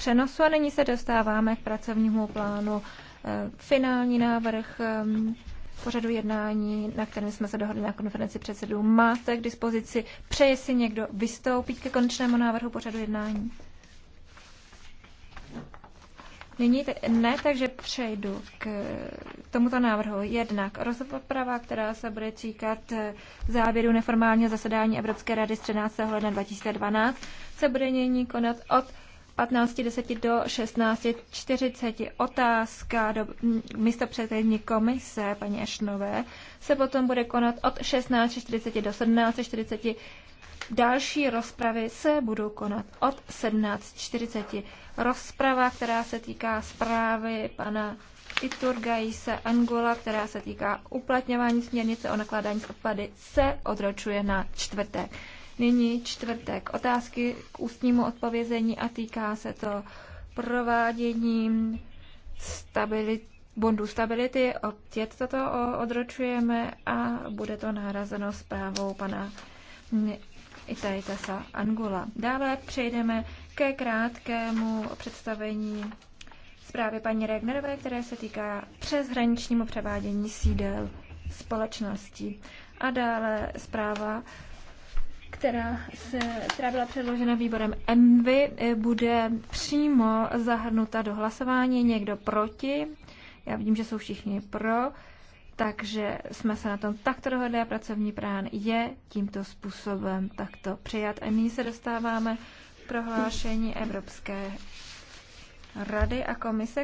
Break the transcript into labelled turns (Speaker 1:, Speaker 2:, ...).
Speaker 1: přenosu. A nyní se dostáváme k pracovnímu plánu. E, finální návrh e, pořadu jednání, na kterém jsme se dohodli na konferenci předsedů, máte k dispozici. Přeje si někdo vystoupit ke konečnému návrhu pořadu jednání? Nyní te- ne, takže přejdu k tomuto návrhu. Jednak rozprava, která se bude týkat e, závěru neformálního zasedání Evropské rady z 13. ledna 2012, se bude nyní konat od 15.10 do 16.40 otázka do místo předsední komise paní Ešnové se potom bude konat od 16.40 do 17.40. Další rozpravy se budou konat od 17.40. Rozprava, která se týká zprávy pana Iturgaise Angola, která se týká uplatňování směrnice o nakládání s odpady, se odročuje na čtvrtek. Nyní čtvrtek. Otázky k ústnímu odpovězení a týká se to provádění stability bondu stability. Opět toto odročujeme a bude to nárazeno zprávou pana Itaitasa Angula. Dále přejdeme ke krátkému představení zprávy paní Regnerové, které se týká přeshraničnímu převádění sídel společností. A dále zpráva která, se, která byla předložena výborem ENVY, eh, bude přímo zahrnuta do hlasování. Někdo proti? Já vidím, že jsou všichni pro. Takže jsme se na tom takto dohodli a pracovní prán je tímto způsobem takto přijat. A nyní se dostáváme k prohlášení Evropské rady a komise.